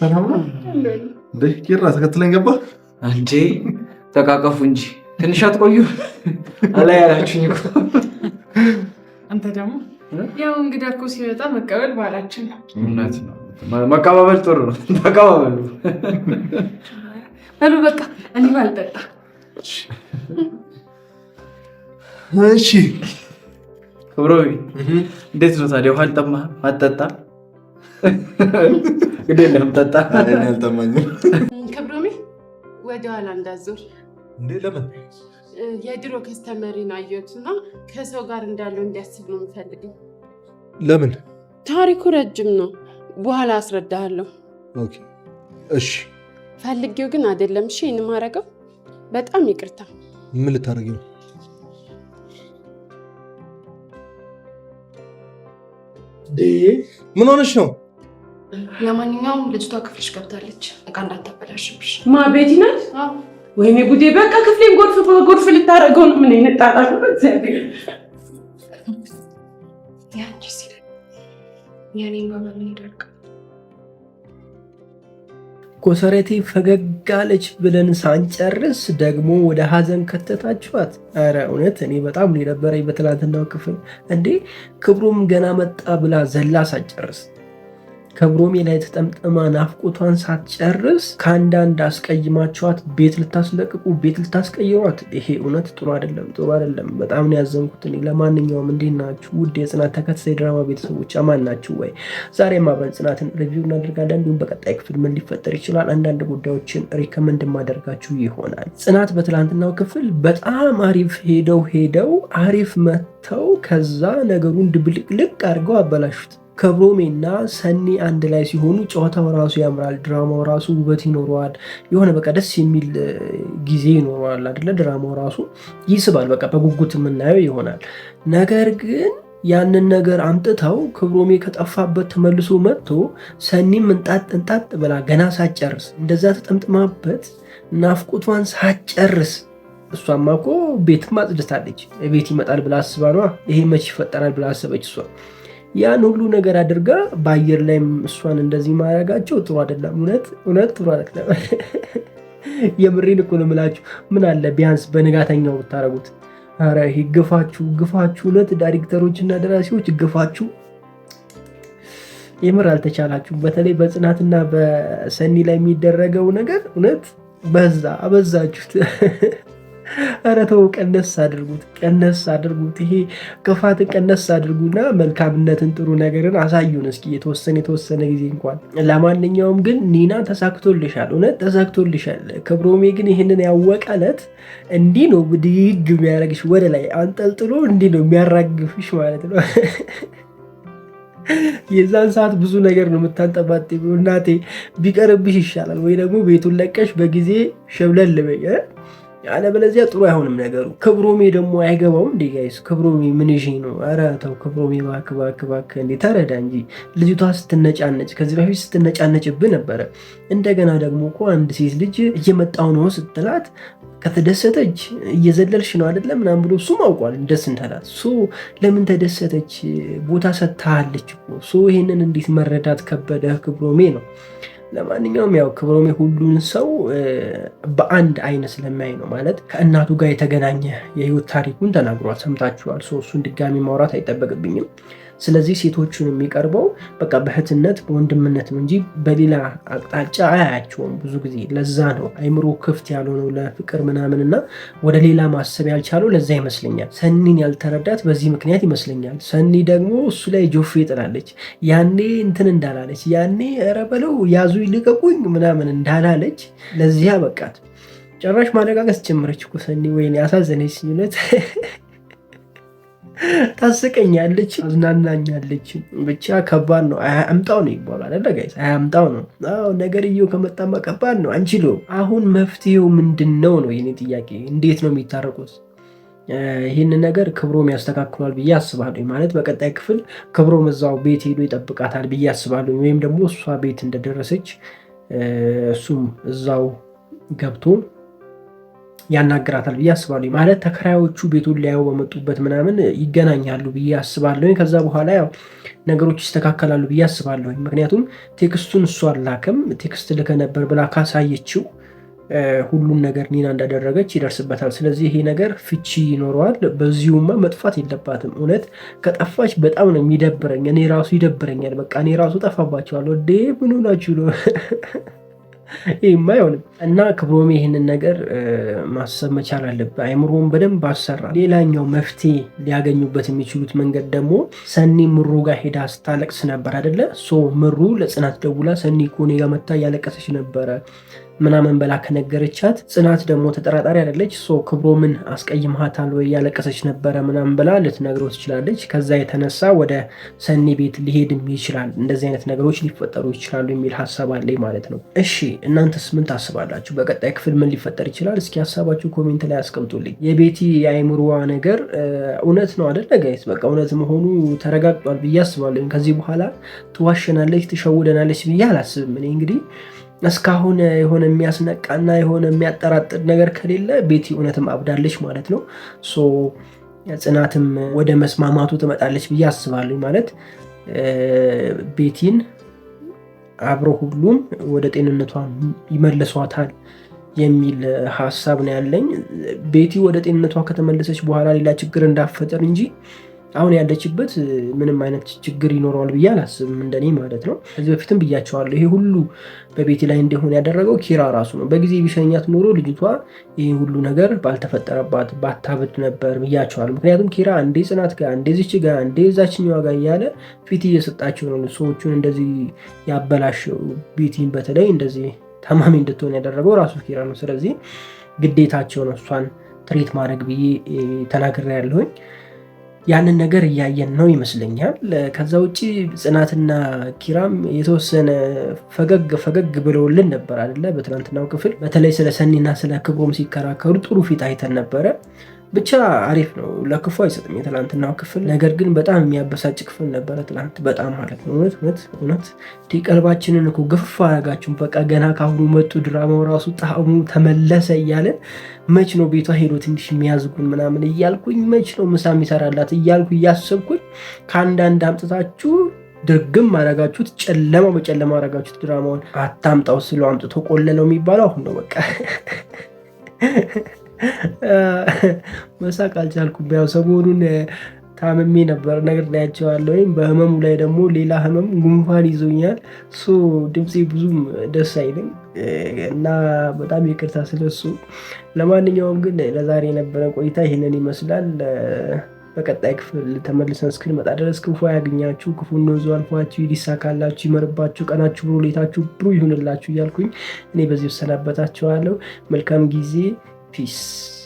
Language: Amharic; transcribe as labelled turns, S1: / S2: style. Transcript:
S1: ሰላም ነው
S2: እንዴ?
S1: ኪራ ተከትለኝ ገባ
S3: እንዴ? ተቃቀፉ እንጂ ትንሽ አትቆዩ? አላይ ያላችሁኝ እኮ
S2: አንተ ደግሞ ያው እንግዳ እኮ ሲመጣ መቀበል ባህላችን ነው።
S1: እውነት ነው። መቀባበል ጥሩ ነው። ተቀባበሉ።
S2: በሉ በቃ እኔ ባልጠጣ።
S1: እሺ
S3: ክብሮዊ፣ እንዴት ነው ታዲያ? ውሃ አልጠማህም? አትጠጣም ግዴለም ጠጣ
S1: አልጠማኝም።
S2: ክብሮሜ ወደኋላ እንዳዞር እንዴ! ለምን የድሮ ከስተመሪን አየሁትና ከሰው ጋር እንዳለው እንዲያስብ ነው የምፈልገው። ለምን? ታሪኩ ረጅም ነው፣ በኋላ አስረዳሃለሁ። እሺ። ፈልጌው ግን አይደለም። እሺ፣ እንማረገው። በጣም ይቅርታ።
S1: ምን ልታደርጊ ነው? ምን ሆነሽ ነው?
S2: ለማንኛውም ልጅቷ ክፍልሽ ገብታለች። እቃ እንዳታበላሽብሽ።
S4: ማ ቤቲ ናት? ወይኔ ጉዴ! በቃ ክፍሌን ጎርፍ ጎርፍ ልታደርገው ነው። ምን እንጣጣሉ። በእግዚአብሔር
S2: ያንቺ ሲል የኔን ምን ይደርቃል
S3: ኮሰረቴ ፈገግ አለች ብለን ሳንጨርስ ደግሞ ወደ ሀዘን ከተታችኋት። ኧረ እውነት እኔ በጣም ነው የነበረኝ በትናንትናው ክፍል እንዴ። ክብሩም ገና መጣ ብላ ዘላ ሳጨርስ ከብሮሜ ላይ ተጠምጥማ ናፍቆቷን ሳትጨርስ ከአንዳንድ አስቀይማችኋት ቤት ልታስለቅቁ ቤት ልታስቀይሯት፣ ይሄ እውነት ጥሩ አይደለም፣ ጥሩ አይደለም። በጣም ነው ያዘንኩት። ለማንኛውም እንዴት ናችሁ ውድ የጽናት ተከታታይ ድራማ ቤተሰቦች፣ አማን ናችሁ ወይ? ዛሬም አብረን ጽናትን ሪቪው እናደርጋለን። እንዲሁም በቀጣይ ክፍል ምን ሊፈጠር ይችላል አንዳንድ ጉዳዮችን ሪከመንድ ማደርጋችሁ ይሆናል። ጽናት በትላንትናው ክፍል በጣም አሪፍ ሄደው ሄደው አሪፍ መተው ከዛ ነገሩን ድብልቅልቅ አድርገው አበላሹት። ከብሮሜና ሰኒ አንድ ላይ ሲሆኑ ጨዋታው ራሱ ያምራል። ድራማው ራሱ ውበት ይኖረዋል። የሆነ በቃ ደስ የሚል ጊዜ ይኖረዋል አይደለ? ድራማው ራሱ ይስባል። በቃ በጉጉት የምናየው ይሆናል። ነገር ግን ያንን ነገር አምጥተው ክብሮሜ ከጠፋበት ተመልሶ መጥቶ ሰኒም እንጣጥ እንጣጥ ብላ ገና ሳጨርስ እንደዛ ተጠምጥማበት ናፍቆቷን ሳጨርስ እሷማ እኮ ቤትም አጽድታለች። ቤት ይመጣል ብላ አስባ ነዋ። ይሄ መች ይፈጠራል ብላ አሰበች እሷ። ያን ሁሉ ነገር አድርጋ በአየር ላይም እሷን እንደዚህ ማድረጋቸው ጥሩ አይደለም። እውነት እውነት ጥሩ አይደለም። የምሬን እኮ ነው የምላችሁ። ምን አለ ቢያንስ በንጋተኛው ብታረጉት። ኧረ ይሄ ግፋችሁ ግፋችሁ፣ እውነት ዳይሬክተሮች እና ደራሲዎች ግፋችሁ የምር አልተቻላችሁ። በተለይ በጽናትና በሰኒ ላይ የሚደረገው ነገር እውነት በዛ፣ አበዛችሁት። ኧረ ተው ቀነስ አድርጉት፣ ቀነስ አድርጉት። ይሄ ክፋትን ቀነስ አድርጉና መልካምነትን፣ ጥሩ ነገርን አሳዩን እስኪ የተወሰነ የተወሰነ ጊዜ እንኳን። ለማንኛውም ግን ኒና ተሳክቶልሻል፣ እውነት ተሳክቶልሻል። ክብሮሜ ግን ይህንን ያወቀለት ዕለት እንዲህ ነው ብድግ የሚያረግሽ ወደ ላይ አንጠልጥሎ እንዲህ ነው የሚያራግፍሽ ማለት ነው። የዛን ሰዓት ብዙ ነገር ነው የምታንጠባጥ። እናቴ ቢቀርብሽ ይሻላል፣ ወይ ደግሞ ቤቱን ለቀሽ በጊዜ ሸብለን ልበይ ያለበለዚያ ጥሩ አይሆንም ነገሩ። ክብሮሜ ደግሞ አይገባው እንዴ ጋይስ? ክብሮሜ ምን ይዤ ነው? ኧረ ተው ክብሮሜ እባክህ እባክህ እባክህ እንዴ ተረዳ እንጂ። ልጅቷ ስትነጫነጭ ከዚህ በፊት ስትነጫነጭብህ ነበረ። እንደገና ደግሞ እኮ አንድ ሴት ልጅ እየመጣው ነው ስትላት ከተደሰተች እየዘለልሽ ነው አይደለ ምናምን ብሎ እሱም አውቋል ደስ እንዳላት። ሶ ለምን ተደሰተች? ቦታ ሰጥታሃለች እኮ ሶ ይሄንን እንዴት መረዳት ከበደ ክብሮሜ ነው ለማንኛውም ያው ክብሮሜ ሁሉን ሰው በአንድ አይነት ስለሚያይ ነው። ማለት ከእናቱ ጋር የተገናኘ የህይወት ታሪኩን ተናግሯል፣ ሰምታችኋል። እሱን ድጋሚ ማውራት አይጠበቅብኝም። ስለዚህ ሴቶቹን የሚቀርበው በቃ በእህትነት በወንድምነት ነው እንጂ በሌላ አቅጣጫ አያያቸውም። ብዙ ጊዜ ለዛ ነው አይምሮ ክፍት ያልሆነው ለፍቅር ምናምንና ወደ ሌላ ማሰብ ያልቻለው ለዛ ይመስለኛል። ሰኒን ያልተረዳት በዚህ ምክንያት ይመስለኛል። ሰኒ ደግሞ እሱ ላይ ጆፌ ጥላለች። ያኔ እንትን እንዳላለች ያኔ ኧረ በለው ያዙ ይልቀቁኝ ምናምን እንዳላለች ለዚያ በቃት። ጨራሽ ማረጋገጥ ጀመረች እኮ ሰኒ። ወይኔ አሳዘነች ሲነት ታስቀኛለች፣ አዝናናኛለች። ብቻ ከባድ ነው። አያምጣው ነው ይባላል አለ ጋይስ። አያምጣው ነው ነገርየው። ከመጣማ ከባድ ነው። አንችለው። አሁን መፍትሄው ምንድን ነው ነው የኔ ጥያቄ። እንዴት ነው የሚታረቁት? ይህንን ነገር ክብሮም ያስተካክሏል ብዬ አስባለሁ። ማለት በቀጣይ ክፍል ክብሮም እዛው ቤት ሄዶ ይጠብቃታል ብዬ አስባለሁ። ወይም ደግሞ እሷ ቤት እንደደረሰች እሱም እዛው ገብቶ ያናግራታል ብዬ አስባለሁ። ማለት ተከራዮቹ ቤቱን ሊያዩ በመጡበት ምናምን ይገናኛሉ ብዬ አስባለሁ። ከዛ በኋላ ያው ነገሮች ይስተካከላሉ ብዬ አስባለሁ። ምክንያቱም ቴክስቱን እሱ አላክም ቴክስት ልከ ነበር ብላ ካሳየችው ሁሉም ነገር ኒና እንዳደረገች ይደርስበታል። ስለዚህ ይሄ ነገር ፍቺ ይኖረዋል። በዚሁማ መጥፋት የለባትም። እውነት ከጠፋች በጣም ነው የሚደብረኝ። እኔ ራሱ ይደብረኛል። በቃ እኔ ራሱ ጠፋባቸዋል። ዴ ምን ሆናችሁ ነው? ይህም አይሆንም እና ክብሮም ይህንን ነገር ማሰብ መቻል አለብህ። አይምሮን በደንብ አሰራ። ሌላኛው መፍትሄ ሊያገኙበት የሚችሉት መንገድ ደግሞ ሰኒ ምሩ ጋር ሄዳ ስታለቅስ ነበር አደለ? ሶ ምሩ ለጽናት ደውላ ሰኒ ኮኔ ጋር መታ እያለቀሰች ነበረ ምናምን በላ ከነገረቻት ጽናት ደግሞ ተጠራጣሪ አይደለች። ሶ ምን አስቀይምሃታል ወይ ያለቀሰች ነበረ ምናምን በላ ልትነግረው ትችላለች። ከዛ የተነሳ ወደ ሰኒ ቤት ሊሄድም ይችላል። እንደዚህ አይነት ነገሮች ሊፈጠሩ ይችላሉ የሚል ሀሳብ አለኝ ማለት ነው። እሺ እናንተስ ምን ታስባላችሁ? በቀጣይ ክፍል ምን ሊፈጠር ይችላል? እስኪ ሀሳባችሁ ኮሜንት ላይ አስቀምጡልኝ። የቤቲ የአይምሮዋ ነገር እውነት ነው አደለ ጋይስ? በቃ እውነት መሆኑ ተረጋግጧል ብዬ አስባለሁ። ከዚህ በኋላ ትዋሸናለች፣ ትሸውደናለች ብዬ አላስብም እኔ እንግዲህ እስካሁን የሆነ የሚያስነቃና የሆነ የሚያጠራጥር ነገር ከሌለ ቤቲ እውነትም አብዳለች ማለት ነው። ጽናትም ወደ መስማማቱ ትመጣለች ብዬ አስባለሁ። ማለት ቤቲን አብሮ ሁሉም ወደ ጤንነቷ ይመለሷታል የሚል ሀሳብ ነው ያለኝ። ቤቲ ወደ ጤንነቷ ከተመለሰች በኋላ ሌላ ችግር እንዳፈጠር እንጂ አሁን ያለችበት ምንም አይነት ችግር ይኖረዋል ብዬ አላስብም፣ እንደኔ ማለት ነው። ከዚህ በፊትም ብያቸዋለሁ። ይሄ ሁሉ በቤቴ ላይ እንደሆነ ያደረገው ኪራ ራሱ ነው። በጊዜ ቢሸኛት ኖሮ ልጅቷ ይሄ ሁሉ ነገር ባልተፈጠረባት ባታብድ ነበር ብያቸዋል። ምክንያቱም ኪራ እንዴ ጽናት ጋር እንዴ ዚች ጋር እንዴ ዛችኛዋ ጋር እያለ ፊት እየሰጣቸው ነው ሰዎቹን እንደዚህ ያበላሸው። ቤቲን በተለይ እንደዚህ ታማሚ እንድትሆን ያደረገው ራሱ ኪራ ነው። ስለዚህ ግዴታቸው ነው እሷን ትሬት ማድረግ ብዬ ተናግሬ ያለሁኝ። ያንን ነገር እያየን ነው ይመስለኛል። ከዛ ውጭ ጽናትና ኪራም የተወሰነ ፈገግ ፈገግ ብለውልን ነበር አይደለ? በትናንትናው ክፍል በተለይ ስለ ሰኒና ስለ ክብሮም ሲከራከሩ ጥሩ ፊት አይተን ነበረ። ብቻ አሪፍ ነው። ለክፉ አይሰጥም የትላንትናው ክፍል። ነገር ግን በጣም የሚያበሳጭ ክፍል ነበረ ትላንት፣ በጣም ማለት ነው። እውነት እውነት እውነት ቀልባችንን እኮ ግፍፍ አረጋችሁን። በቃ ገና ካሁኑ መጡ ድራማው ራሱ ጣዕሙ ተመለሰ እያለን መች ነው ቤቷ ሄዶ ትንሽ የሚያዝጉን ምናምን እያልኩኝ መች ነው ምሳ የሚሰራላት እያልኩ እያሰብኩኝ ከአንዳንድ አምጥታችሁ ድርግም አረጋችሁት። ጨለማ በጨለማ አረጋችሁት ድራማውን። አታምጣው ስለው አምጥቶ ቆለለው የሚባለው አሁን ነው በቃ መሳቅ አልቻልኩም። ያው ሰሞኑን ታምሜ ነበር ነገር ላያቸዋለሁ። ወይም በህመሙ ላይ ደግሞ ሌላ ህመም ጉንፋን ይዞኛል። ሶ ድምፄ ብዙም ደስ አይልም እና በጣም ይቅርታ ስለሱ። ለማንኛውም ግን ለዛሬ የነበረ ቆይታ ይህንን ይመስላል። በቀጣይ ክፍል ተመልሰን እስክንመጣ ድረስ ክፉ ያገኛችሁ፣ ክፉ ነዙ አልፏችሁ፣ ይዲሳካላችሁ፣ ይመርባችሁ፣ ቀናችሁ ብሮ ሌታችሁ ብሩ ይሁንላችሁ እያልኩኝ እኔ በዚህ እሰናበታችኋለሁ። መልካም ጊዜ Peace.